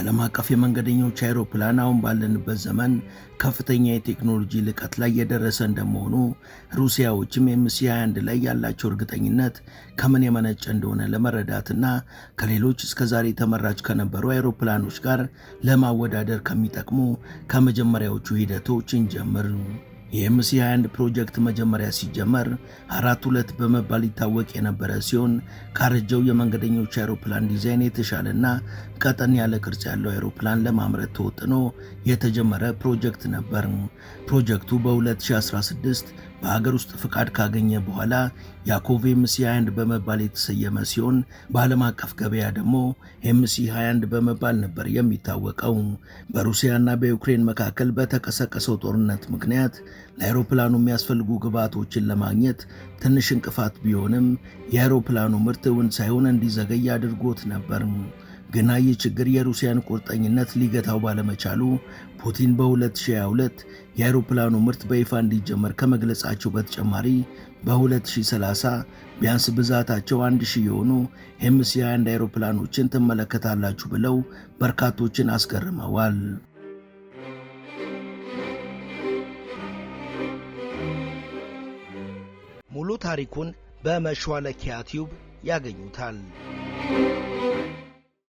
ዓለም አቀፍ የመንገደኞች አይሮፕላን አሁን ባለንበት ዘመን ከፍተኛ የቴክኖሎጂ ልቀት ላይ የደረሰ እንደመሆኑ ሩሲያዎችም ኤምሲ 21 ላይ ያላቸው እርግጠኝነት ከምን የመነጨ እንደሆነ ለመረዳትና ከሌሎች እስከዛሬ ተመራጭ ከነበሩ አይሮፕላኖች ጋር ለማወዳደር ከሚጠቅሙ ከመጀመሪያዎቹ ሂደቶች እንጀምር። ይህም 21 ፕሮጀክት መጀመሪያ ሲጀመር አራት ሁለት በመባል ይታወቅ የነበረ ሲሆን ካረጀው የመንገደኞች አይሮፕላን ዲዛይን የተሻለና ቀጠን ያለ ቅርጽ ያለው አይሮፕላን ለማምረት ተወጥኖ የተጀመረ ፕሮጀክት ነበር። ፕሮጀክቱ በ2016 በሀገር ውስጥ ፍቃድ ካገኘ በኋላ ያኮቭ ኤምሲ 21 በመባል የተሰየመ ሲሆን በዓለም አቀፍ ገበያ ደግሞ ኤምሲ 21 በመባል ነበር የሚታወቀው። በሩሲያና በዩክሬን መካከል በተቀሰቀሰው ጦርነት ምክንያት ለአይሮፕላኑ የሚያስፈልጉ ግብዓቶችን ለማግኘት ትንሽ እንቅፋት ቢሆንም የአይሮፕላኑ ምርት እውን ሳይሆን እንዲዘገይ አድርጎት ነበር። ግና ይህ ችግር የሩሲያን ቁርጠኝነት ሊገታው ባለመቻሉ ፑቲን በ2022 የአውሮፕላኑ ምርት በይፋ እንዲጀመር ከመግለጻቸው በተጨማሪ በ2030 ቢያንስ ብዛታቸው አንድ የሆኑ ኤምሲ 21 አውሮፕላኖችን ትመለከታላችሁ ብለው በርካቶችን አስገርመዋል። ሙሉ ታሪኩን በመሿለኪያ ቲዩብ ያገኙታል።